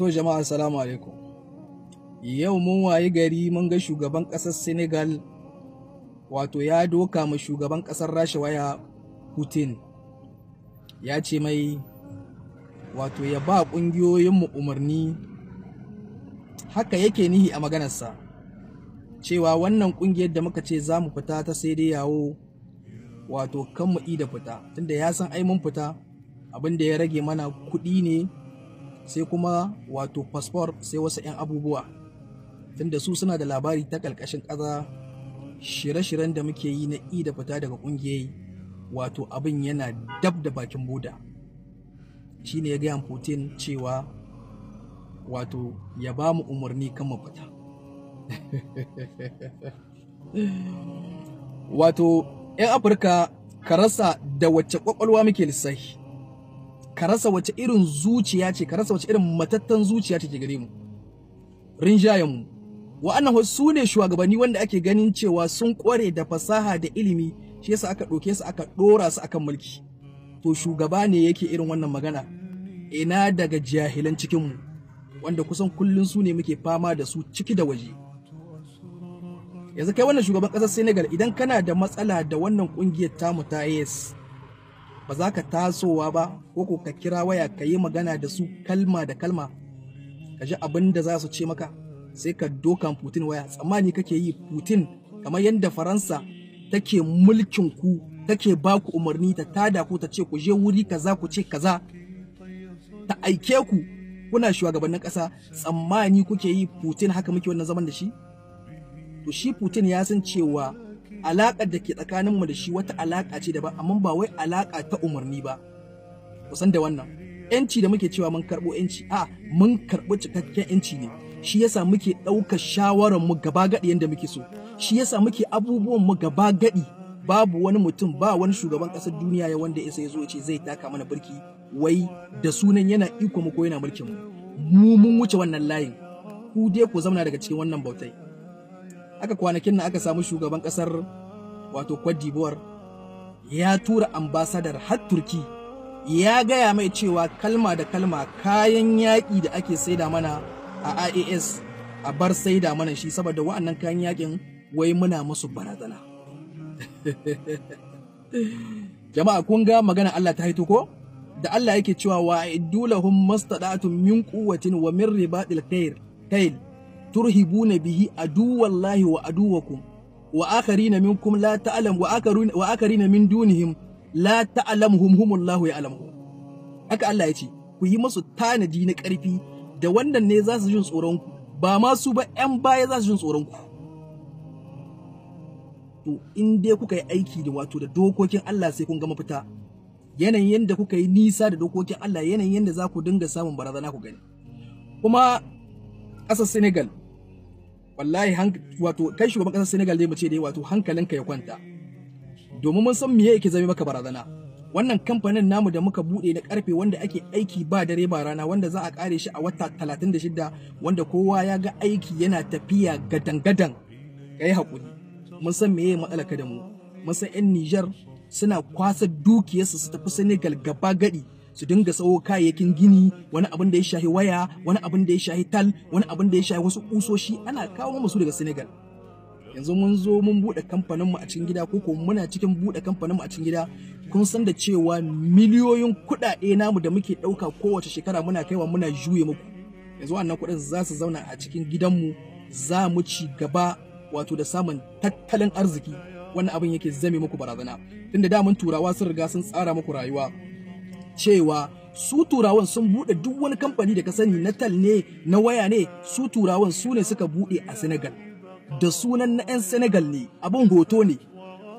To jama'a salamu alaikum. Yau mun wayi gari mun ga shugaban ƙasar Senegal wato ya doka ma shugaban ƙasar Rasha waya Putin. Ya ce mai wato ya ba ƙungiyoyinmu umarni haka yake nihi a maganarsa cewa wannan ƙungiyar da muka ce za mu fita ta sai dai yawo wato kan mu da fita tunda ya san ai mun fita abin da ya rage mana kuɗi ne sai kuma wato fasfor sai wasu 'yan abubuwa tunda su suna da labari ta ƙarƙashin ƙasa shirye shiren da muke yi na i da fita daga ƙungiyoyi wato abin yana dab da bakin boda shine ya gaya putin cewa wato ya ba mu umarni kan mu fita wato 'yan afirka ka rasa da wacce kwakwalwa muke lissafi ka rasa wace irin zuciya ce ka rasa wace irin matattan zuciya ce ke gare mu rinjayen mu wa'annan su ne shugabanni wanda ake ganin cewa sun kware da fasaha da ilimi shi yasa aka ɗauke su aka ɗora su akan mulki to shugaba ne yake irin wannan magana ina daga jahilan cikin mu wanda kusan kullun su ne muke fama da su ciki da waje yanzu kai wannan shugaban ƙasar Senegal idan kana da matsala da wannan kungiyar tamu ta AS ba za ka tasowa ba ko ko ka kira waya ka yi magana da su kalma da kalma ka ji abin da za su ce maka sai ka dokan putin waya tsammani kake yi putin kamar yadda faransa take mulkin ku take ba ku umarni ta tada ku ta ce ku je wuri kaza ku ce kaza ta aike ku kuna shugabannin ƙasa tsammani kuke yi putin haka muke wannan zaman da shi to shi putin ya san cewa alaƙar da ke tsakaninmu da shi wata alaƙa ce daban amma ba wai alaƙa ta umarni ba kusan da wannan yanci da muke cewa mun karɓo yanci a mun karɓi cikakken yanci ne shi yasa muke ɗaukar shawarar mu gaba gaɗi yadda muke so shi yasa muke abubuwan mu gaba gaɗi babu wani mutum ba wani shugaban ƙasar duniya ya wanda isa ya zo ce zai taka mana birki wai da sunan yana iko mu ko yana mulkin mu mu mun wuce wannan layin ku dai ku zauna daga cikin wannan bautai aka kwanakin nan aka samu shugaban kasar wato Cote ya tura ambasadar har Turki ya gaya mai cewa kalma da kalma kayan yaƙi da ake saida mana a IAS a bar saida mana shi saboda wa'annan kayan yaƙin wai muna musu barazana. Jama'a kun ga magana Allah ta haito ko? Da Allah yake cewa wa iddu mastada'atun min quwwatin wa min ribadil khair turhibuna bihi aduwallahi wa aduwakum wa akharina minkum la ta'lam wa akharuna wa akharina min dunihim la ta'lamuhum humullahu ya'lamuhum haka Allah ya ce ku yi masu tanadi na ƙarfi da wannan ne za su jin tsoron ku ba ma su ba 'yan baya za su jin tsoron ku to in dai kuka yi aiki da wato da dokokin Allah sai kun gama fita yanayin yadda kuka yi nisa da dokokin Allah yanayin yadda za ku dinga samun barazana ku gani kuma ƙasar Senegal wallahi wato kai shugaban ƙasar Senegal dai mu ce dai wato hankalinka ya kwanta domin mun san me yake zame maka barazana wannan kamfanin namu da muka bude na karfe wanda ake aiki ba dare ba rana wanda za a kare shi a wata 36 wanda kowa ya ga aiki yana tafiya gadan-gadan kai hakuri mun san meye matsalaka da mu mun san yan Nijar suna kwasa dukiyarsa su tafi Senegal gaba gadi su dinga sawo kayayyakin gini wani abin da ya shahi waya wani abin da ya shahi tal wani abin da ya shahi wasu kusoshi ana kawo musu daga senegal yanzu mun zo mun buɗe kamfaninmu a cikin gida ko muna cikin buɗe kamfaninmu a cikin gida kun san da cewa miliyoyin kuɗaɗe namu da muke ɗauka kowace shekara muna kaiwa muna juye muku yanzu wannan kuɗin za su zauna a cikin gidanmu za mu ci gaba wato da samun tattalin arziki wannan abin yake zame muku barazana tunda da mun turawa sun riga sun tsara muku rayuwa cewa su turawan sun buɗe duk wani kamfani da ka sani na tal ne na waya ne su turawan su ne suka buɗe a senegal da sunan na 'yan senegal ne abin hoto ne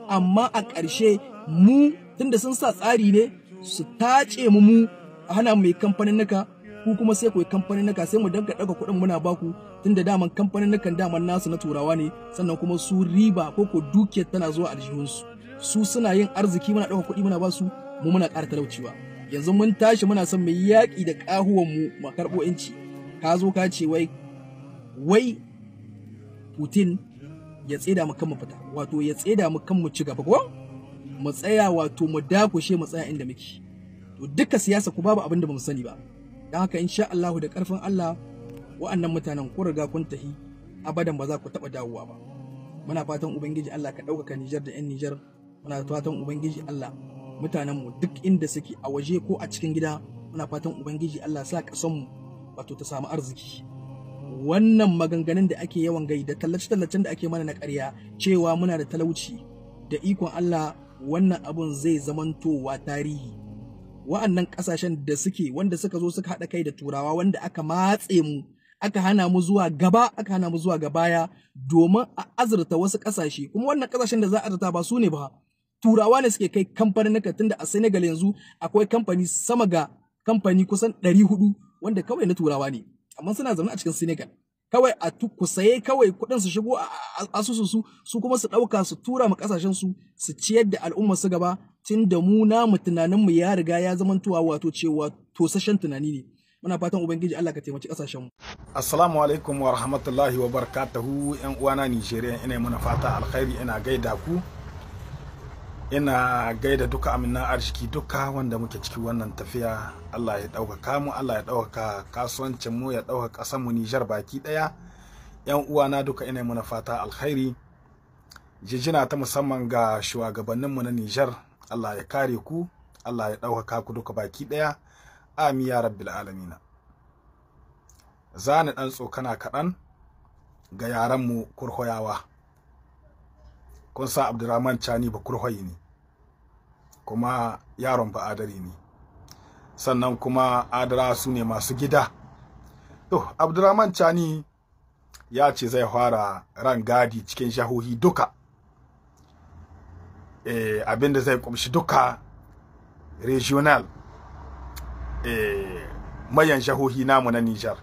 amma a ƙarshe mu tunda sun sa tsari ne su tace mu mu A hana mai kamfanin naka ku kuma sai ku yi kamfanin naka sai mu danka ɗaga kuɗin muna baku tunda daman kamfanin naka daman nasu na turawa ne sannan kuma su riba ko ko dukiyar tana zuwa aljihunsu su suna yin arziki muna ɗaga kuɗi muna basu mu muna ƙara talaucewa. yanzu mun tashi muna son mu yi yaƙi da ƙahuwanmu mu karɓo inci ka zo ka ce wai wai putin ya tseda mu kan mu fita wato ya tseda mu kan mu ci gaba ko mu tsaya wato mu dakushe mu tsaya inda muke to duka siyasa ku babu abin da mu sani ba dan haka insha Allah da karfin Allah wa'annan mutanen ku riga kun tahi abadan ba za ku taba dawowa ba muna fatan ubangiji Allah ka ɗaukaka Nijar da 'yan Nijar muna fatan ubangiji Allah mutanenmu duk inda suke a waje ko a cikin gida muna fatan ubangiji Allah sa mu wato ta samu arziki wannan maganganun da ake yawan gai da tallace-tallacen da ake mana na ƙarya cewa muna da talauci da ikon Allah wannan abun zai zamantowa tarihi wa'annan ƙasashen da suke wanda suka zo suka haɗa kai da turawa wanda aka matse mu aka hana mu zuwa gaba aka hana mu zuwa ga baya domin a azurta wasu ƙasashe kuma wannan ƙasashen da za a azurta ba su ne ba turawa ne suke kai kamfanin naka tunda a Senegal yanzu akwai kamfani sama ga kamfani kusan 400 wanda kawai na turawa ne amma suna zaune a cikin Senegal kawai a ku saye kawai kuɗin su shigo a su su kuma su ɗauka su tura mu kasashen su su ciyar da al'umma su gaba tun da mu namu tunanin mu ya riga ya tuwa wato cewa tosashen tunani ne muna fatan ubangiji Allah ka taimaki kasashen mu assalamu alaikum wa rahmatullahi wa barakatuhu yan uwana Nijeriya ina muna fata alkhairi ina gaida ku ina gaida duka aminan arziki duka wanda muke ciki wannan tafiya allah ya ɗaukaka mu allah ya ɗaukaka kasuwancin mu ya ɗaukaka ƙasar mu nijar baki ɗaya yan uwana duka ina muna fata alkhairi jijina ta musamman ga shugabannin mu na nijar allah ya kare ku allah ya ɗaukaka ku duka baki ɗaya amin ya rabbil alamina zani dan ɗan tsokana kaɗan ga yaran mu kurhoyawa kun sa abdurrahman chani ba kurhoyi ne kuma yaron fa adari ne sannan kuma adara su ne masu gida to abdurrahman chani ya ce zai fara ran gadi cikin shahohi duka e, eh, abinda zai kumshi duka regional e, mayan shahohi namu na nijar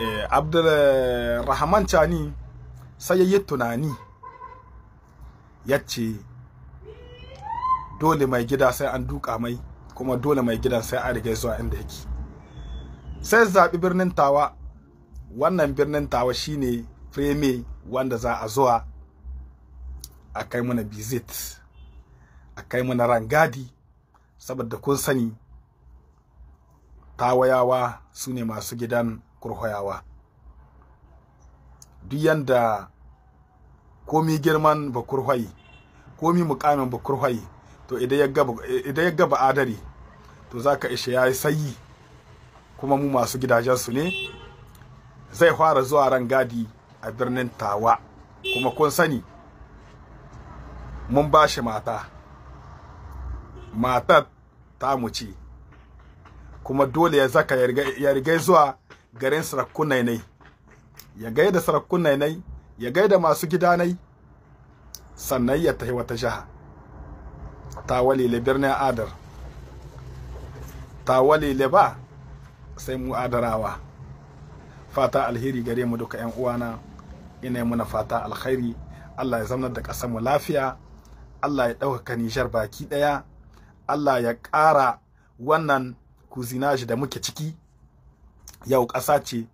e, abdurrahman chani sai ya yi tunani ya ce dole mai gida sai an duka mai kuma dole mai gidan sai an riga zuwa inda yake sai zaɓi birnin tawa wannan birnin tawa shine freme wanda za a zuwa a kai mana bizit a kai mana rangadi saboda kun sani tawayawa su ne masu gidan kurhoyawa duk yanda komi girman bakurhoyi komi mukamin bakurhoyi to idan ya gaba adari to zaka ishe yayi sayi kuma mu masu gidajensu ne zai fara zuwa ran gadi a birnin tawa kuma kun sani mun ba shi mata matar ta ce kuma dole ya zaka ya riga zuwa garin sarakun nainai ya gaida sarakun nainai ya gaida masu gidanai sannan ya tafi wata jiha Ta tawalile birnin adar ta tawalile ba sai mu adarawa fata alheri gare mu duka yan uwana ina muna fata alheri Allah ya zama da ƙasar mu lafiya Allah ya ɗaukaka Nijar baki ɗaya Allah ya ƙara wannan kuzinaji da muke ciki yau ƙasa ce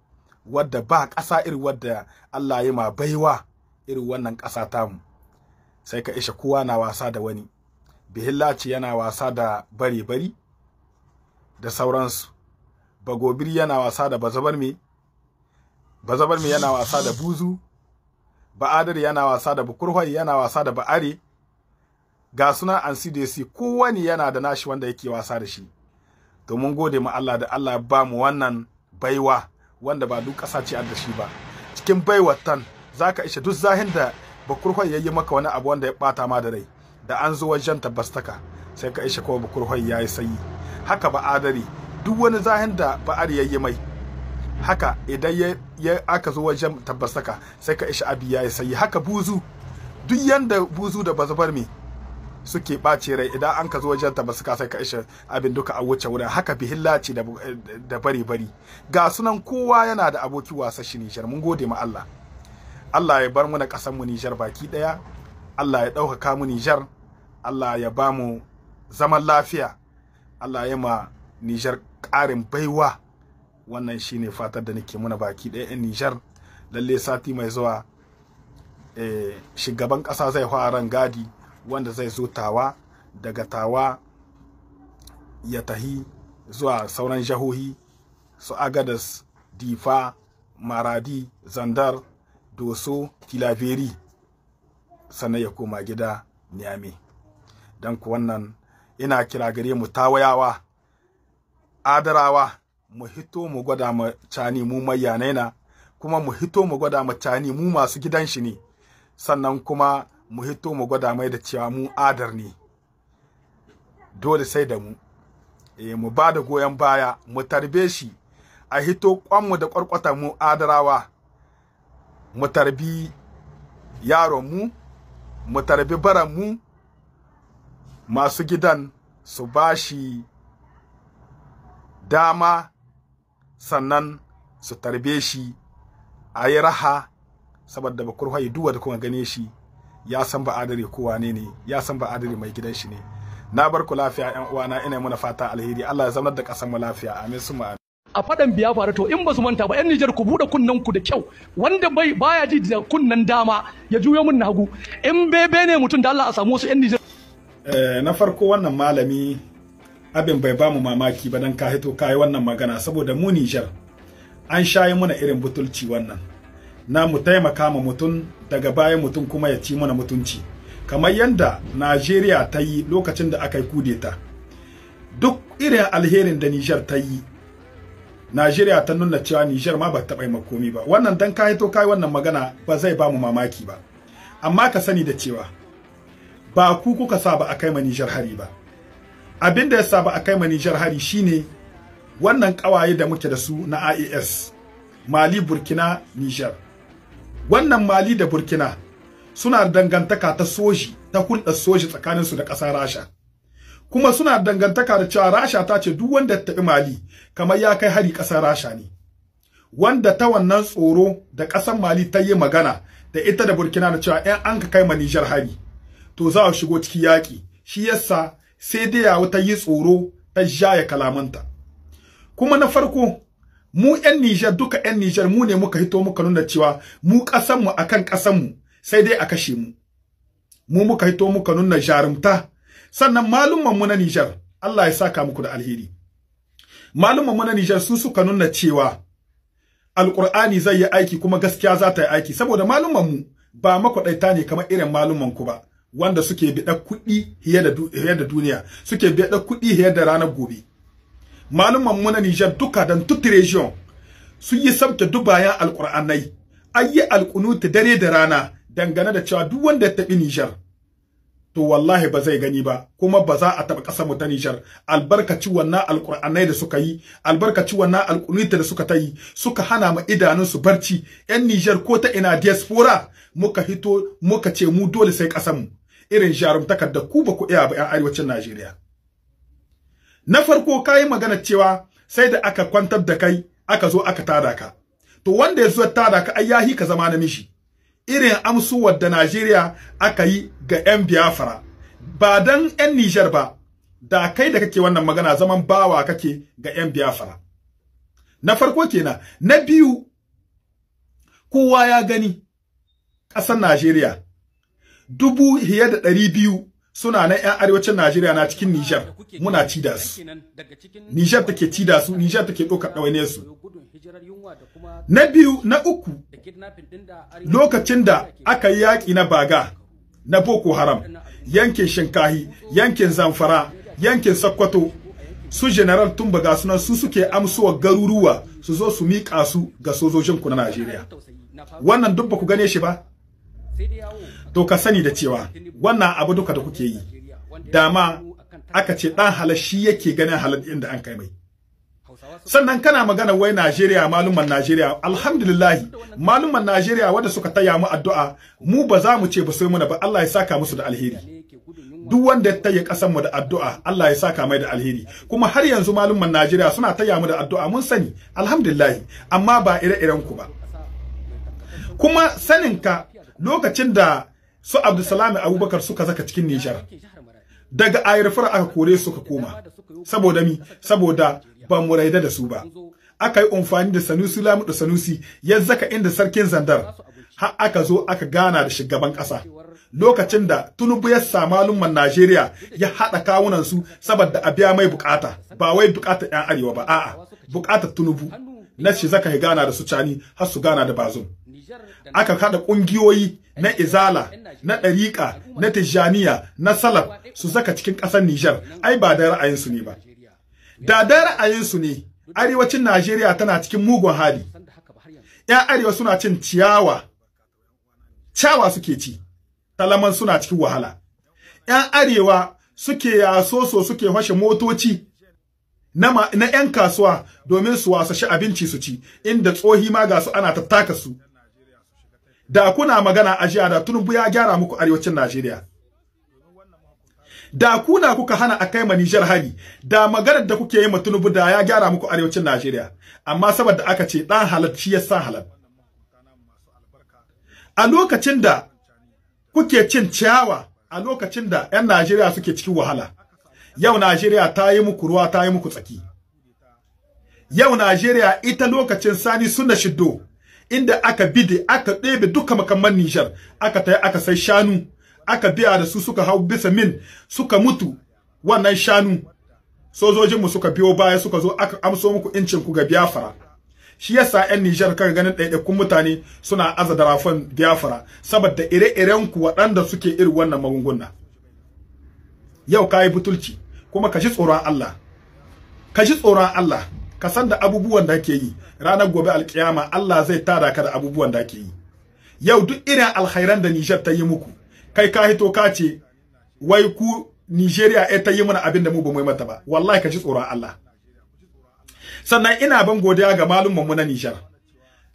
wadda ba ƙasa irin wadda Allah ya ma baiwa irin wannan ƙasa tamu sai ka ishe kowa na wasa da wani bihillaci yana wasa da bare-bari da sauransu bagobiri yana wasa da bazabar me yana wasa da buzu ba'adar yana wasa da bukurhwai yana wasa da ba'are ga suna an cdc kowane yana da nashi wanda yake wasa da shi domin gode ma Allah da Allah ba mu wannan baiwa wanda ba duk ƙasa ce da shi ba cikin baiwatan zaka ishe duk zahin da ya yi maka wani abu wanda ya bata ma da rai da an zo wajen tabbastaka sai ka ishe kuma bukurhoi ya yi sayi haka ba adari duk wani zahin da ba'ar ya yi mai haka idan ya aka zo wajen tabbastaka sai ka ishe abi ya yi sayi haka buzu duk yanda buzu da zubar me suke ɓace rai idan an ka zo wajen tabbastaka sai ka ishe abin duka a wuce wurin haka bihillaci da bari bari ga sunan kowa yana da aboki wasa shi Nijar mun gode ma Allah Allah ya bar mu na ƙasar mu Nijar baki ɗaya Allah ya ɗaukaka mu Nijar Allah ya ba mu zaman lafiya Allah ya ma Nijar ƙarin baiwa wannan shine fatar da nake muna baki ɗaya 'yan Nijar lalle sati mai zuwa eh, shugaban ƙasa zai fara gadi wanda zai zo tawa daga tawa ya tahi zuwa sauran jahohi su agadas difa maradi zandar doso Tilaveri. sannan ya koma gida niamey don ku wannan ina kira gare mu tawayawa adarawa mu hito mu gwada ma cani mu mayyanai na kuma mu hito mu gwada ma cani mu masu gidan shi ne sannan kuma mu hito mu gwada mai da cewa mu adar ne dole sai da mu eh mu ba da goyon baya mu tarbe shi a hito kwanmu da kwarkwata mu adarawa mu tarbi yaron mu mu tarbi baran mu masu gidan su ba shi dama sannan su tarbe shi a yi raha saboda bakur hayi duwa da kuma gane shi ya san ba adare kowa ne ne ya san ba adare mai gidan shi ne na bar ku lafiya yan uwana ina muna fata alheri Allah ya zaunar da kasan mu lafiya amin su ma a fadan biya faru to in ba su manta ba yan Nijar ku bude kunnan ku da kyau wanda bai baya ji da dama ya juyo mun na hagu in bebe ne mutum da Allah a samu su yan Nijar Eh, na farko wannan malami abin bai bamu mamaki ba dan ka hito ka yi wannan magana saboda mu Nijar an shayi muna irin butulci wannan na mu taimaka ma mutum daga baya mutum kuma ya ci muna mutunci kamar yadda Najeriya ta yi lokacin da aka yi kudeta duk irin alherin da Nijar ta yi Najeriya ta nuna cewa Nijar ma ba ta taɓa makomi ba wannan dan ka hito ka yi wannan magana ba zai bamu mamaki ba amma ka sani da cewa ba ku kuka saba ba a kai manijar hari ba abin da ya saba ba a kai manijar hari shine wannan kawaye da muke da su na IAS Mali Burkina Niger wannan Mali da Burkina suna dangantaka ta soji ta hulɗa soji tsakanin su da ƙasar Rasha kuma suna dangantaka da cewa Rasha ta ce duk wanda ta Mali kamar ya kai hari ƙasar Rasha ne wanda ta wannan tsoro da ƙasar Mali ta yi magana da ita da Burkina da cewa 'yan an ka kai ma Niger hari to za a shigo ciki yaƙi shi yasa sai dai yawo ta yi tsoro ta jaya kalamanta kuma na farko mu yan Nijar duka yan Nijar mu ne muka hito muka nuna cewa mu ƙasar mu akan ƙasar mu sai dai a kashe mu mu muka hito muka nuna jarumta sannan malumman mu na Nijar Allah ya saka muku da alheri malumman mu na Nijar su suka nuna cewa Alƙur'ani zai yi aiki kuma gaskiya za ta yi aiki saboda malumman mu ba makwaɗaita ne kamar irin malumman ku ba wanda suke biɗa kuɗi fiye da duniya suke biɗa kuɗi fiye da ranar gobe malumman mu na Nijar duka dan tutti region sun yi sabta duk bayan alƙur'anai an yi alƙunuta dare da rana dangane da cewa duk wanda ya taɓi Nijar to wallahi ba zai gani ba kuma ba za a taɓa ƙasar mu ta Nijar albarkaci wannan alƙur'anai da suka yi albarkaci wannan alƙunita da suka ta yi suka hana mu su barci yan Nijar ko ta ina diaspora muka hito muka ce mu dole sai ƙasar mu irin jarumtakar da ku ba iya ba 'yan arewacin Najeriya. Na farko ka yi magana cewa sai da aka kwantar da kai aka zo aka tada ka. To wanda ya zo tada ka ai yahi ka zama na namiji. Irin amsuwar da Najeriya aka yi ga 'yan Biafra ba dan 'yan Nijar ba da kai da kake wannan magana zaman bawa kake ga 'yan Biafra. Na farko kenan, na biyu kowa ya gani ƙasar Najeriya dubu hiyar da ɗari biyu suna nan 'yan arewacin Najeriya na cikin Nijar muna ci da su. Nijar take ci da su, Nijar take ɗaukar ɗawainiyar su. Na biyu, na uku, lokacin da aka yi yaƙi na baga na Boko Haram, yankin Shinkahi, yankin Zamfara, yankin Sokoto, su General Tun ga sunan su suke amsuwa garuruwa su zo su miƙa su ga sojojinku na Najeriya. Wannan duk ba ku gane shi ba? to ka sani da cewa wannan abu duka da kuke yi dama aka ce dan halashi yake ganin halal da an kai mai sannan kana magana wai Najeriya maluman Najeriya alhamdulillah maluman Najeriya wanda suka taya mu addu'a mu ba za mu ce ba sai muna ba Allah ya saka musu da alheri duk wanda ya taya kasan mu da addu'a Allah ya saka mai da alheri kuma har yanzu maluman Najeriya suna taya mu da addu'a mun sani alhamdulillah amma ba ire-iren ku ba kuma saninka lokacin da su Abdulsalami Abubakar suka zaka cikin Nijar daga Ayirfar aka kore suka koma saboda mi saboda ba mu raida da su ba aka yi umfani da Sanusi Lamu Sanusi ya zaka inda sarkin Zandar har aka zo aka gana da shugaban kasa lokacin da Tunubu ya samu alumman Najeriya ya hada kawunan su saboda a biya mai bukata ba wai bukatar yan arewa ba a'a bukatar Tunubu na shi zaka gana da su cani har su gana da bazum aka kada kungiyoyi na izala na ɗariƙa na Tijaniya, na salaf su saka cikin ƙasar Nijar ai ba da ra'ayinsu ne ba da da ra'ayinsu ne arewacin Najeriya tana cikin mugun hali ya arewa suna cin ciyawa ciyawa suke ci talaman suna cikin wahala yan arewa suke yaso so suke hashe motoci na na yan kasuwa domin su shi abinci su ci inda tsohi ma ga su ana tattaka su da kuna magana a jiya da tunubu ya gyara muku arewacin Najeriya da kuna kuka hana a kai ma Nijar hari da maganar da kuke yi ma tunubu da ya gyara muku arewacin Najeriya amma saboda aka ce dan halal shi ya sa halal a lokacin da kuke cin ciyawa a lokacin da 'yan Najeriya suke cikin wahala yau Najeriya ta yi muku ruwa ta yi muku tsaki yau Najeriya ita lokacin sani suna shiddo inda aka bide aka ɗebe duka makamman Nijar aka ta aka sai shanu aka biya da su suka hau bisa min suka mutu wannan shanu sojojin mu suka biyo baya suka zo aka amso muku incin ku ga biyafara shi yasa 'yan Nijar kaga ganin ɗaiɗaikun mutane suna aza darafan biyafara saboda ire-iren ku waɗanda suke irin wannan magunguna yau kai butulci kuma ka tsoron Allah ka tsoron Allah ka san da abubuwan da ke yi ranar gobe alkiyama Allah zai tada ka da abubuwan da ke yi yau duk irin alkhairan da Niger ta yi muku kai ka hito ka ce wai ku Nigeria ai eh ta yi mana abin da mu ba mu mata ba wallahi ka ji tsoron Allah sannan ina ban godiya ga malumman mu na Niger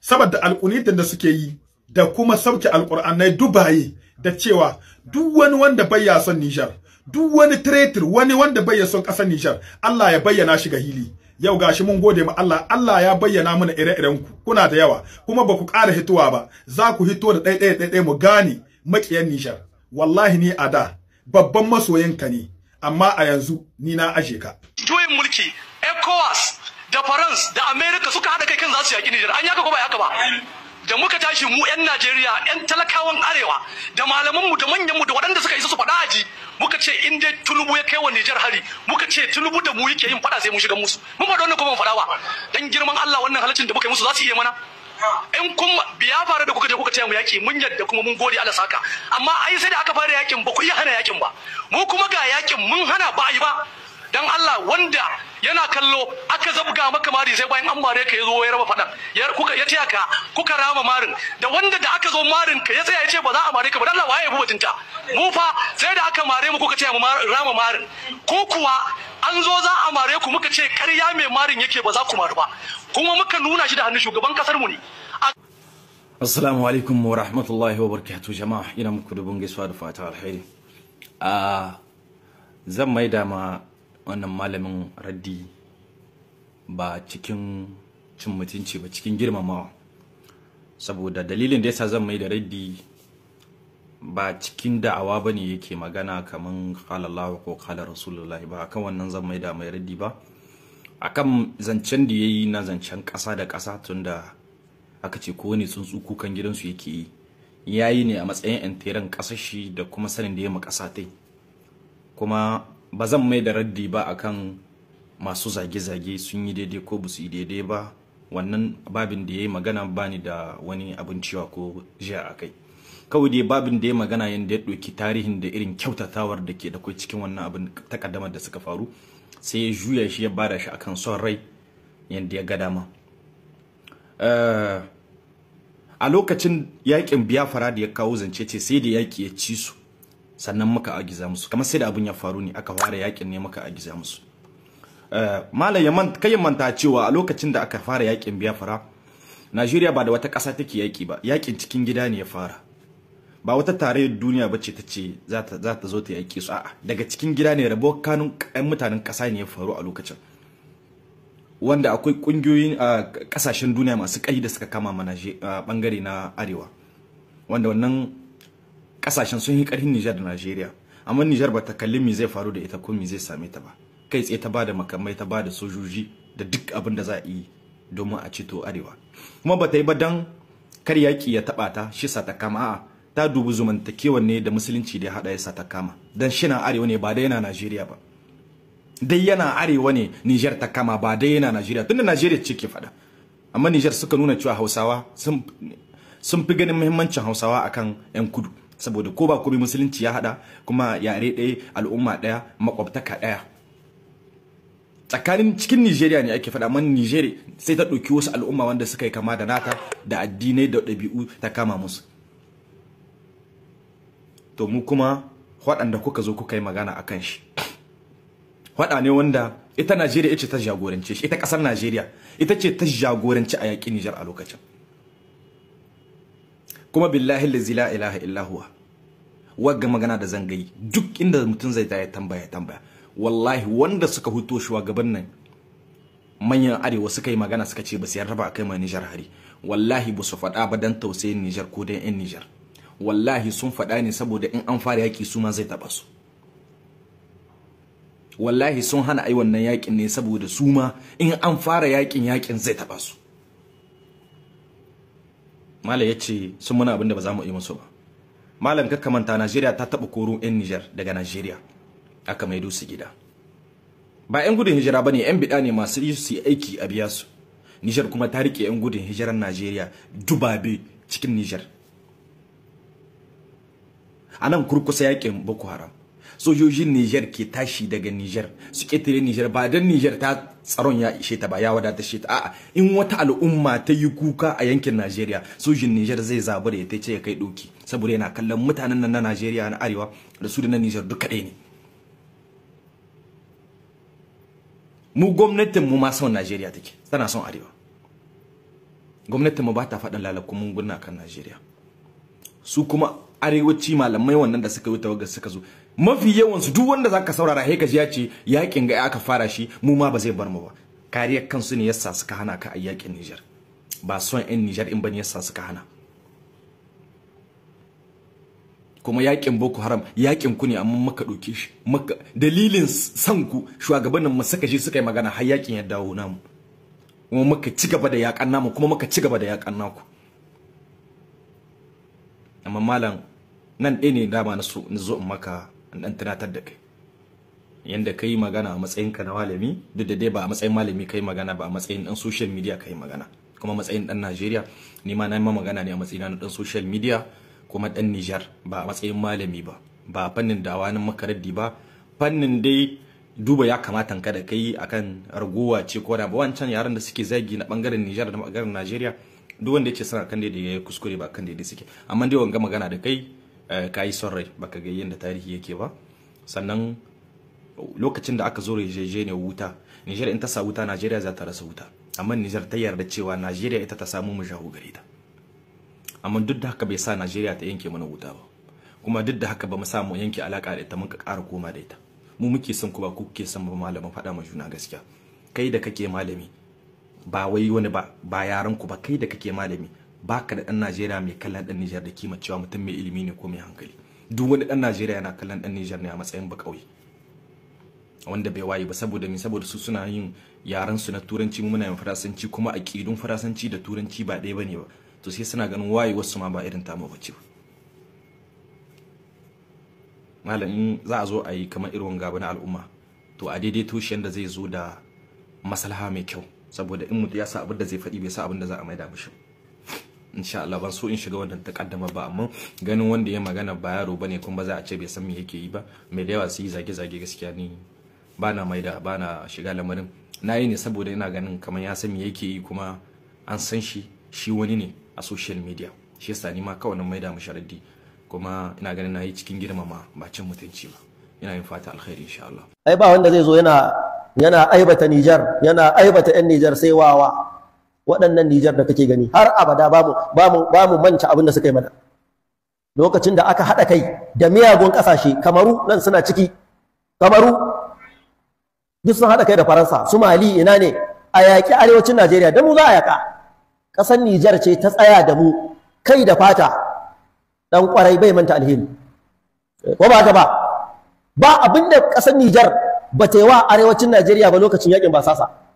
saboda alƙunitin da suke yi da kuma sauke alƙur'anai dubaye da cewa duk wani wanda bai ya son Niger duk wani traitor wani wanda bai ya son ƙasar nijar Allah ya bayyana shi ga hili yau gashi mun gode ma Allah Allah ya bayyana mana ire-iren ku kuna da yawa kuma baku ƙara hituwa ba za ku hito da ɗaiɗaya ɗaiɗaya mu gane maƙiyan nishar wallahi ni a da babban masoyinka ne amma a yanzu ni na aje ka juyin mulki ECOWAS da France da America suka hada kai kan za su yaƙi Nijar an yaka ko ba yaka ba da muka tashi mu 'yan Najeriya 'yan talakawan arewa da malamanmu da manyanmu da waɗanda suka isa su faɗa aji muka ce in dai tulubu ya kai wa Nijar hari muka ce tulubu da mu yake yin faɗa sai mu shiga musu mun faɗa wannan kuma faɗa ba. dan girman Allah wannan halaccin da muka yi musu za su iya mana in kun biya fara da kuka je kuka taya mu yaki mun yadda kuma mun gode Allah saka amma ai sai da aka fara yakin ba ku iya hana yakin ba mu kuma ga yakin mun hana ba yi ba dan Allah wanda yana kallo aka zabga maka mari sai bayan an mare ka yazo ya raba fadan ya kuka ya tiya ka kuka rama marin da wanda da aka zo marin ka ya tsaya ya ce ba za a mare ka ba dan Allah waye ya ta. mu fa sai da aka mare mu kuka ce mu rama marin ko kuwa an zo za a mare ku muka ce karya mai marin yake ba za ku mare ba kuma muka nuna shi da hannu shugaban kasar mu ne Assalamu alaikum wa rahmatullahi wa barakatuh jama'a ina muku dubun gaisuwa da fata alheri a ah, zan maida ma wannan malamin raddi ba cikin cin mutunci ba cikin girmamawa saboda dalilin da yasa zan mai da raddi ba cikin da'awa ba ne yake magana kamar kalallahu ko kala rasulullahi ba akan wannan zan mai da mai raddi ba akan zancen da ya yi na zancen ƙasa da ƙasa tun da aka ce ko wani tsuntsu kukan gidansu yake yi ya yi ne a matsayin 'yan teren kasashi da kuma sanin da ya ma ƙasa kuma ba zan mai da raddi ba akan masu zage-zage sun yi daidai ko ba su yi daidai ba wannan babin da ya yi magana ba ni da wani abin cewa ko jiya a kai kawai dai babin da ya magana yadda ya ɗauki tarihin da irin kyautatawar da ke da kai cikin wannan abin takaddamar da suka faru sai ya juya shi ya bada shi akan son rai yadda ya ga dama eh, a lokacin yakin biyafara da ya kawo zance ce sai da yaki ya ci su sannan muka agiza musu kamar sai da abun ya faru ne aka fara yakin ne muka agiza musu eh, malam yaman kai manta cewa a lokacin da aka fara yakin biafra Najeriya ba da wata ƙasa take yaki ba yakin cikin gida ne ya fara ba wata tarayyar duniya ba ce ta ce za ta zo ta yaƙe su a'a daga cikin gida ne rabo kanun ƴan mutanen ƙasa ne ya faru a lokacin wanda akwai ƙungiyoyin ƙasashen duniya masu ƙayi da suka kama mana bangare na arewa wanda wannan kasashen sun yi karhin Nijar da Najeriya amma Nijar ba ta kalli me zai faru da ita ko me zai same ta ba kai tsaye ta bada makamai ta bada sojoji da duk abin da za a yi domin a to arewa kuma ba ta yi ba dan kar yaki ya taba ta shi sa ta kama a'a ta dubi zumantakewan ne da musulunci da ya hada ya sa ta kama dan shi na arewa ne ba dai yana Najeriya ba dai yana arewa ne Nijar ta kama ba dai yana Najeriya tunda Najeriya ce ke fada amma Nijar suka nuna cewa Hausawa sun sun fi ganin muhimmancin Hausawa akan 'yan kudu saboda ko ba komai musulunci ya hada kuma yare ɗaya al'umma ɗaya makwabtaka ɗaya tsakanin cikin Nigeria ne ake faɗa amma Nigeria sai ta ɗauki wasu al'umma wanda suka yi kama da nata da addinai da ɗabi'u ta kama musu to mu kuma waɗanda kuka zo kuka yi magana a kan shi waɗa ne wanda ita nigeria ita ta jagorance shi ita ƙasar Najeriya ita ce ta jagoranci a yaƙi Nijar a lokacin kuma billahi lazi la ilaha illa wagga magana da zangayi duk inda mutum zai ya tambaya tambaya wallahi wanda suka huto shugaban nan manyan arewa suka yi magana suka ce ba su yarda ba a kai mai Nijar hari wallahi ba su faɗa ba dan tausayin Nijar ko dan yan Nijar wallahi sun faɗa ne saboda in an fara yaƙi su ma zai taɓa su wallahi sun hana ai wannan yaƙin ne saboda su ma in an fara yaƙin yaƙin zai taɓa su malam ya ce sun muna abin da ba za mu yi musu ba malam manta najeriya ta taɓa koro 'yan nijar daga najeriya aka mai su gida ba 'yan gudun hijira ba ne 'yan biɗa ne masu yi su aiki a biya su nijar kuma ta riƙe 'yan gudun hijirar najeriya dubabe cikin nijar a nan kurkusa yakin boko haram sojojin Niger ke tashi daga Niger su ƙetare Niger ba dan Niger ta tsaron ya ishe ta ba ya wadata shi ta a'a in wata al'umma ta yi kuka a yankin Najeriya sojin Niger zai da ya ce ya kai doki saboda yana kallon mutanen nan na Najeriya na arewa da su da na Niger duka ɗaya ne mu gwamnatin mu ma son Najeriya take tana son arewa gwamnatin mu ba ta faɗin mun gurna kan Najeriya su kuma arewaci malamai wannan da suka yi ta wagar suka zo mafi yawan su duk wanda zaka saurara sai kaji ya ce yakin ga aka fara shi mu ma ba zai bar mu ba kariyar kansu ne yasa suka hana ka a yakin Niger ba son yan Niger in bane yasa suka hana kuma yakin Boko Haram yakin ku ne amma maka doke shi muka dalilin sanku shugabannin mu saka shi suka yi magana har yakin ya dawo namu kuma muka ci gaba da yakan namu kuma muka ci gaba da yakan naku amma malam nan ɗaya ne dama na so in zo in maka an dan tunatar da kai yanda kai magana a matsayin ka na malami duk da dai ba a matsayin malami kai magana ba a matsayin dan social media kai magana kuma matsayin dan Najeriya ni ma na magana ne a matsayin na dan social media kuma dan Niger ba a matsayin malami ba ba fannin dawa na makaraddi ba fannin dai duba ya kamata ka da kai akan ragowa ce ko da ba wancan yaran da suke zagi na bangaren Niger da bangaren Najeriya duk wanda yake suna kan da ya kuskure ba kan da suke amma dai wanga magana da kai Eh, ka yi son rai baka ga yadda tarihi yake ba sannan lokacin da aka zo ne wuta Nijar in ta sa wuta Najeriya za ta rasa wuta amma Nijar ta yarda cewa Najeriya ita ta samu mu shahu gare ta amma duk da haka bai sa Najeriya ta yanke mana wuta ba kuma duk da haka ba mu samu yanke alaka da ita ka ƙara koma da ita mu muke son ku ba ku kuke son ba malamin faɗa ma juna gaskiya kai da kake malami ba wai wani ba ba yaran ku ba kai da kake malami baka da dan Najeriya mai kallon dan Nijar da kima cewa mutum mai ilimi ne ko mai hankali duk wani dan Najeriya yana kallon ɗan Nijar ne a matsayin bakauye wanda bai waye ba saboda me saboda su suna yin yaran su na turanci muna yin faransanci kuma aqidun faransanci da turanci ba ɗaya bane ba to sai suna ganin waye wasu ma ba irin tamu bace ba in za a zo a yi kamar irin gaba na al'umma to a daidai tushen yanda zai zo da maslaha mai kyau saboda in mutu ya sa abin da zai faɗi bai sa abin da za a maida mishi insha ban so in shiga wannan takaddama ba amma ganin wanda ya magana ba yaro bane kuma za a ce bai san me yake yi ba mai da yawa su yi zage zage gaskiya ni bana da bana shiga lamarin na yi ne saboda ina ganin kamar ya san me yake yi kuma an san shi shi wani ne a social media shi yasa ni ma kawai na da musharadi kuma ina ganin na yi cikin girmama ba cin mutunci ba ina yin fata alkhairi insha ai ba wanda zai zo yana yana aibata Niger yana aibata 'yan Nijar sai wawa waɗannan Nijar da kake gani har abada ba mu manci abin da suka yi mana lokacin da aka haɗa kai da miyagun ƙasashe kamaru nan suna ciki kamaru duk sun haɗa kai da faransa su mali ina ne a yaƙi arewacin najeriya da mu za a yaƙa ƙasar Nijar ce ta tsaya da mu kai da fata dan kwarai bai manta alheri ko ba ka ba ba abinda ƙasar Nijar ba ta yi wa arewacin Najeriya ba lokacin yaƙin basasa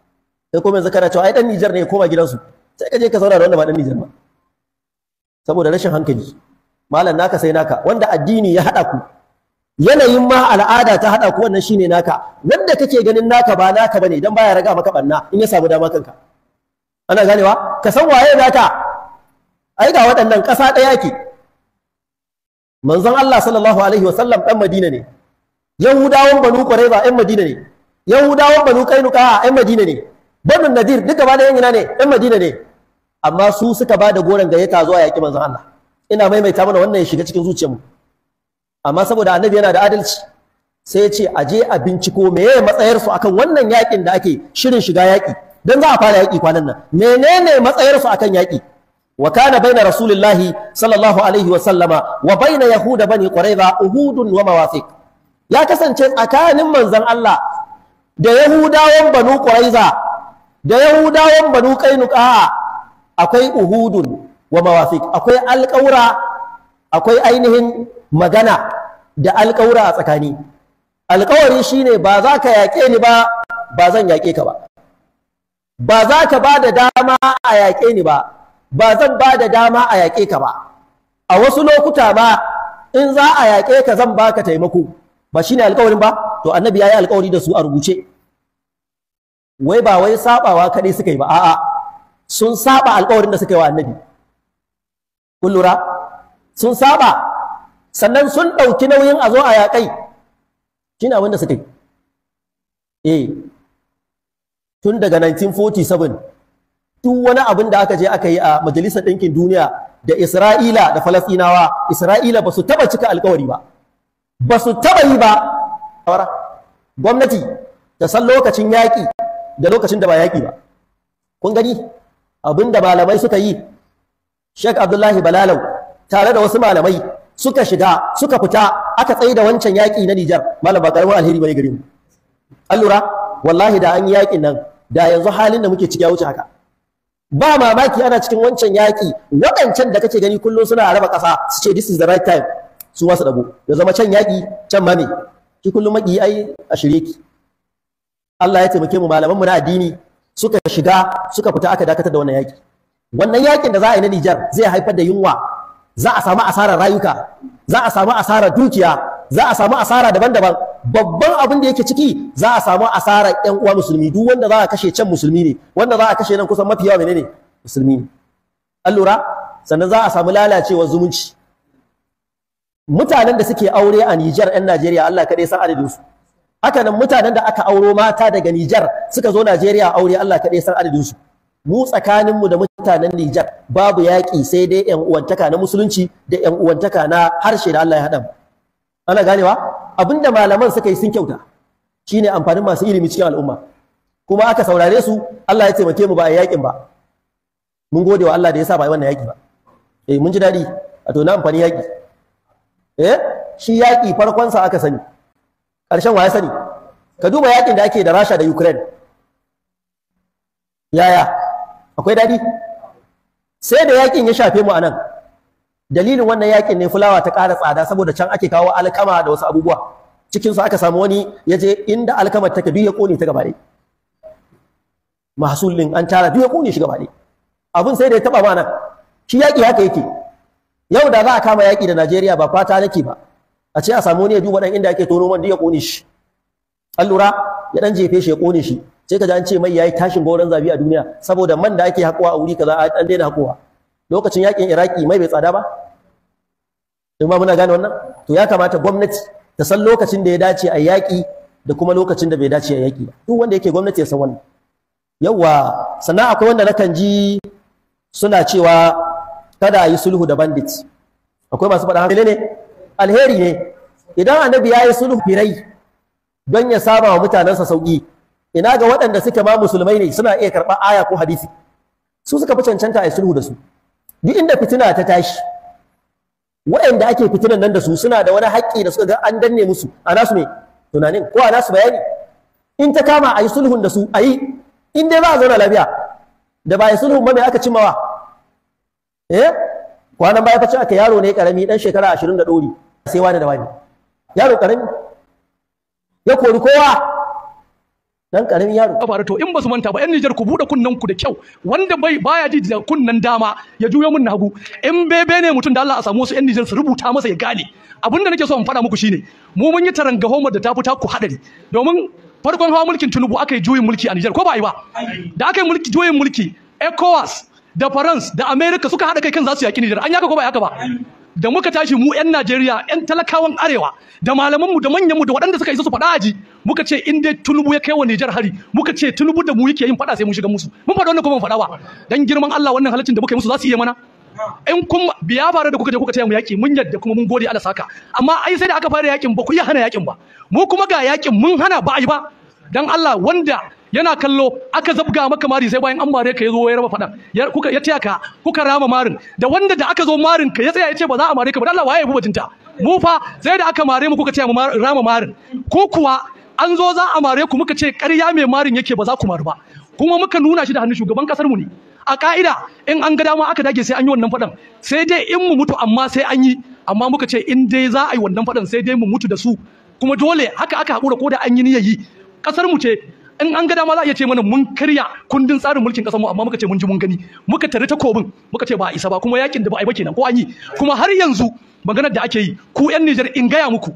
sai kuma yanzu kana cewa ai dan Nijar ne ya koma gidansu sai ka je ka zauna da wanda ba dan Nijar ba saboda rashin hankali malam naka sai naka wanda addini ya hada ku yanayin ma al'ada ta hada ku wannan shine naka wanda kake ganin naka ba naka bane dan baya raga maka banna in ya samu dama kanka ana ganewa ka san waye naka ai ga waɗannan ƙasa ɗaya ke manzon Allah sallallahu alaihi wasallam ɗan Madina ne Yahudawan Banu Qurayza ɗan Madina ne Yahudawan Banu Kainuka ɗan Madina ne banu nadir duk gaba da yan ina ne ɗan madina ne amma su suka ba da goron gayyata zuwa yaƙi manzon Allah ina maimaita mana wannan ya shiga cikin zuciyarmu amma saboda annabi yana da adalci sai ya ce a je a binciko meye matsayarsu akan wannan yaƙin da ake shirin shiga yaƙi don za a fara yaƙi kwanan nan menene matsayarsu akan yaƙi wa kana baina rasulillahi sallallahu alaihi wa sallama wa baina yahuda bani quraiza uhudun wa mawafiq ya kasance tsakanin manzon Allah da yahudawan banu quraiza da yahudawan banu kainuka akwai uhudun wa mawafiq akwai alƙaura akwai ainihin magana da alƙaura a tsakani alƙawari shine ba za ka yaƙe ni ba ba zan yaƙe ka ba ba za ka ba da dama a yaƙe ni ba ba zan ba da dama a yaƙe ka ba a wasu lokuta ba in za a yaƙe ka zan baka taimako ba shine alƙawarin ba to annabi ya yi alƙawari da su a rubuce wai ba wai sabawa kadai suka yi ba a'a sun saba alƙawarin da suka yi wa annabi kullura. sun saba sannan sun ɗauki nauyin a zo a yaƙai shine abin da suka yi eh tun daga 1947 duk wani abin da aka je aka yi a majalisar ɗinkin duniya da isra'ila da falastinawa isra'ila basu su taɓa cika alkawari ba ba su taɓa yi ba gwamnati ta san lokacin yaƙi da lokacin da ba yaƙi ba kun gani abin da malamai suka yi Sheikh Abdullahi Balalau tare da wasu malamai suka shiga suka fita aka tsaye da wancan yaƙi na Nijar malam ba karamin alheri bane gare mu an lura wallahi da an yi yaƙin nan da yanzu halin da muke ciki ya wuce haka ba mamaki ana cikin wancan yaƙi waɗancan da kake gani kullum suna raba ƙasa su ce this is the right time su wasu ɗabo ya zama can yaƙi can mame ki kullum maƙi ai a shirye ki Allah ya taimake mu malaman mu na addini suka shiga suka fita aka dakatar da wannan yaki wannan yakin da za a yi na Nijar zai haifar da yunwa za a samu asarar rayuka za a samu asarar dukiya za a samu asara daban-daban babban abin da yake ciki za a samu asarar 'yan uwa musulmi duk wanda za a kashe can musulmi ne wanda za a kashe nan kusan mafi yawa menene musulmi ne an lura sannan za a samu lalacewar zumunci mutanen da suke aure a Nijar 'yan Najeriya Allah kaɗai san adadinsu haka nan mutanen da aka auro mata daga Nijar suka zo Najeriya aure Allah kaɗai san adadin su mu tsakanin mu da mutanen Nijar babu yaƙi sai dai 'yan uwantaka na musulunci da 'yan uwantaka na harshe da Allah ya haɗa mu ana ganewa abinda malaman suka yi sun kyauta shine amfanin masu ilimi cikin al'umma kuma aka saurare su Allah ya taimake mu ba a yaƙin ba mun gode wa Allah da ya sa ba wannan yaƙi ba eh mun ji daɗi a to na amfani yaƙi eh shi yaƙi farkonsa aka sani ƙarshen waya sani ka duba yakin da ake da rasha da ukraine yaya akwai daɗi sai da yakin ya shafe mu a nan dalilin wannan yakin ne fulawa ta ƙara tsada saboda can ake kawo alkama da wasu abubuwa cikinsu aka samu wani ya je inda alkamar take duk ya ƙone ta gabaɗe mahasulin an tara duk ya ƙone shi gabaɗe abin sai da ya taɓa ma nan shi yaƙi haka yake yau da za a kama yaƙi da najeriya ba fata nake ba a ce a samu wani ya duba ɗan inda ake tono man duk ya kone shi an lura ya dan jefe shi ya kone shi sai ka ji an ce mai yayi tashin goron zabi a duniya saboda man da ake haƙowa a wuri kaza an daina haƙowa. lokacin yaƙin iraki mai bai tsada ba in ba muna gane wannan to ya kamata gwamnati ta san lokacin da ya dace a yaƙi da kuma lokacin da bai dace a yaƙi ba duk wanda yake gwamnati ya san wannan yawwa sannan akwai wanda nakan ji suna cewa kada a yi sulhu da bandit akwai masu faɗa haka ne alheri ne idan annabi ya yi sulhu birai don ya saba wa mutanensa sauƙi ina ga waɗanda suke ma musulmai ne suna iya karɓar aya ko hadisi su suka fi cancanta a yi sulhu da su duk inda fitina ta tashi waɗanda ake fitinan nan da su suna da wani haƙƙi da suka ga an danne musu a nasu ne tunanin ko a nasu bayani in ta kama a yi sulhun da su a yi in dai ba a zauna lafiya da ba a yi sulhun ba mai aka cimawa eh kwanan baya fa aka yaro ne karami dan shekara ashirin da ɗori sai wani da wani yaro karami ya kori kowa dan karamin yaro ka faru to in ba su manta ba yan Nijar ku bude kunnan ku da kyau wanda bai baya ji da kunnan dama ya juyo mun hagu in bebe ne mutum da Allah a samu wasu yan Nijar su rubuta masa ya gane abinda nake so in faɗa muku shine mu mun yi taranga homar da ta fita ku hadari domin farkon hawa mulkin Tinubu aka yi juyin mulki a Nijar ko ba yi ba da aka yi mulki juyin mulki ECOWAS da France da America suka haɗa kai kan za su yaki Nijar an yaka ko ba yaka ba da muka tashi mu 'yan Najeriya 'yan talakawan arewa da malamanmu da manyanmu da waɗanda suka isa su faɗa aji muka ce in dai Tulubu ya kai wa Nijar hari muka ce Tulubu da mu yake yin faɗa sai mun shiga musu mun faɗa wannan kuma faɗa ba dan girman Allah wannan halaccin da muka yi musu za su iya mana in kun biya fara da kuka je kuka taya mu yaki mun yadda kuma mun gode Allah saka amma ai sai da aka fara yakin ba ku iya hana yakin ba mu kuma ga yakin mun hana ba ai ba dan Allah wanda yana kallo aka zabga maka mari sai bayan an mare ka yazo ya raba fadan kuka ya taya kuka rama marin da wanda da aka zo marin ka ya tsaya ya ce ba za a mare ka ba Allah waye bu bajinta mu fa sai da aka mare mu kuka ce mu rama marin ko kuwa an zo za a mare ku muka ce ƙarya mai marin yake ba za ku maru ba kuma muka nuna shi da hannun shugaban kasar mu ne a ka'ida in an ga dama aka dage sai an yi wannan fadan sai dai in mu mutu amma sai an yi amma muka ce in dai za a yi wannan fadan sai dai mu mutu da su kuma dole haka aka haƙura ko da an yi niyyayi kasar mu ce in an ga dama za a iya ce mana mun karya kundin tsarin mulkin kasar mu amma muka ce mun ji mun gani muka tare ta kobin muka ce ba a isa ba kuma yakin da ba a yi ba kenan ko an yi kuma har yanzu maganar da ake yi ku yan Nijar in gaya muku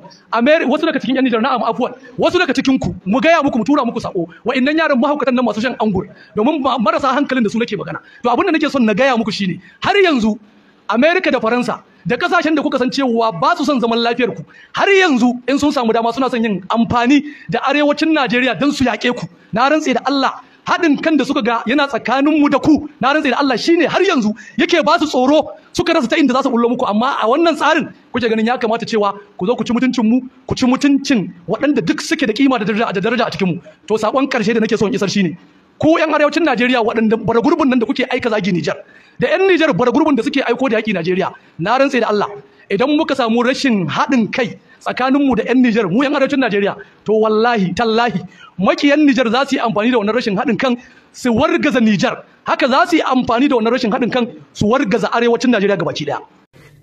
wasu daga cikin yan Nijar na'am afuwan wasu daga cikin ku mu gaya muku mu tura muku sako wa'annan yaran mahaukatan nan masu shan angur domin marasa hankalin da su nake magana to abin da nake son na gaya muku shine har yanzu Amerika da Faransa da kasashen da kuka san cewa ba su son zaman lafiyar ku har yanzu in sun samu dama suna son yin amfani da arewacin Najeriya don su yaƙe ku na rantse da Allah haɗin kan da suka ga yana tsakanin mu da ku na rantse da Allah shine har yanzu yake ba su tsoro suka rasa ta inda za su bullo muku amma a wannan tsarin kuke ganin ya kamata cewa ku zo ku ci mutuncin mu ku ci mutuncin waɗanda duk suke da kima da daraja a cikin mu to sakon karshe da nake son isar shine ku yan arewacin Najeriya waɗanda bara gurbin nan da kuke aika zagi Nijar da yan Nijar bara gurbin da suke aiko da yaki Najeriya na rantse da Allah idan muka samu rashin haɗin kai tsakaninmu da yan Nijar mu yan arewacin Najeriya to wallahi tallahi makiyan Nijar za su yi amfani da wannan rashin haɗin kan su wargaza Nijar haka za su yi amfani da wannan rashin haɗin kan su wargaza arewacin Najeriya gabaki ɗaya.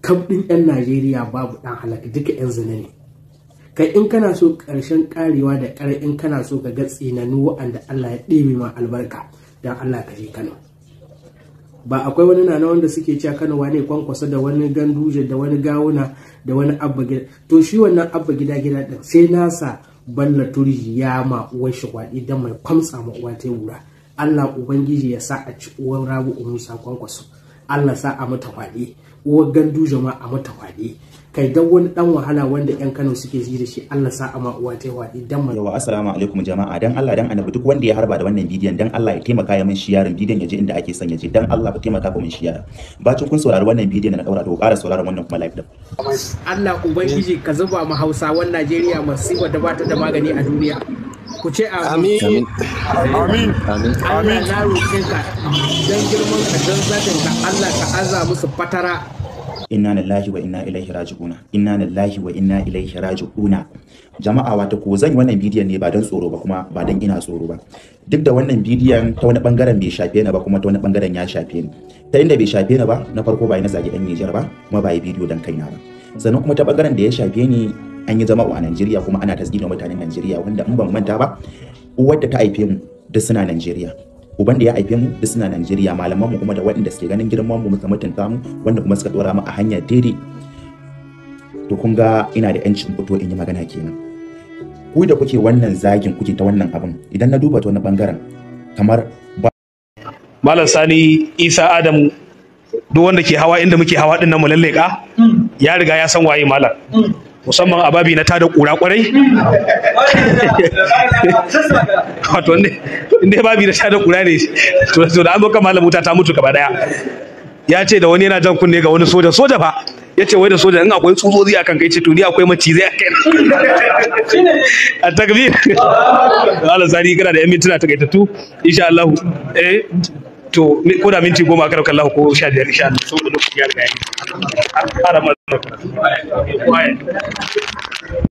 Kamɗin 'yan Najeriya babu ɗan halaka duka 'yan zina ne. kai in kana so karshen karewa da ƙar in kana so ka ga nuwa da Allah ya ɗebe ma albarka dan Allah ka je Kano ba akwai wani nana wanda suke cewa Kano wane kwankwasa da wani ganduje da wani gawuna da wani abba gida to shi wannan abba gida gida din sai nasa balla turji ya ma uwar shi kwaɗi dan mai kwamsa ma uwa ta wura Allah ubangiji ya sa a ci uwar rabu umusa kwankwaso Allah sa a mata kwaɗi uwar ganduje ma a mata kwaɗi kai dan wani dan wahala wanda yan Kano suke ji da shi Allah sa ama uwa ta yawa idan ma yawa assalamu alaikum jama'a dan Allah dan annabi duk wanda ya harba da wannan bidiyon dan Allah ya taimaka ya min shiyarin bidiyon ya je inda ake son ya je dan Allah ku taimaka ku min shiyara bacin kun saurari wannan bidiyon da na daura to ƙara saurari wannan kuma live din Allah ubangiji ka zuba mu Hausawan Najeriya masifa da bata da magani a duniya ku ce amin amin amin amin na roƙe ka dan girman ka dan zatin ka Allah ka aza musu fatara inna lillahi wa inna ilaihi raji'una inna lillahi wa inna ilaihi raji'una jama'a wata ko zan yi wannan bidiyon ne ba don tsoro ba kuma ba don ina tsoro ba duk da wannan bidiyon ta wani bangaren bai shafe ni ba kuma ta wani bangaren ya shafe ni ta inda bai shafe ni ba na farko ba na zage yan Nijar ba kuma ba yi bidiyo dan kaina ba sannan kuma ta bangaren da ya shafe ni an yi zama a Najeriya kuma ana tasgina mutanen Najeriya wanda in ban manta ba uwar da ta haife mu duk suna Najeriya uban da ya haife mu duk suna Najeriya malaman mu kuma da waɗanda suke ganin girman mu muka mutunta mu wanda kuma suka dora mu a hanya daidai to kun ga ina da yancin fito in yi magana kenan ku da kuke wannan zagin kuke ta wannan abin idan na duba ta wani bangaren kamar ba Malam Sani Isa Adamu duk wanda ke hawa inda muke hawa din nan mu lalleka mm. ya riga ya san waye malam mm. musamman a babi na tada kura kwarai wato inda babi na tada kura ne to da an zo kan malamu ta mutu gaba daya ya ce da wani yana jan kunne ga wani soja soja fa ya ce wai da soja in akwai tsutsotsi a kan kai ce to ni akwai macizai a kai a takbir Allah sani kana da yan mintuna ta gaitatu insha Allah eh to ko da minti goma kar kallahu ko sha biyar insha Allah saboda lokaci ya riga ya yi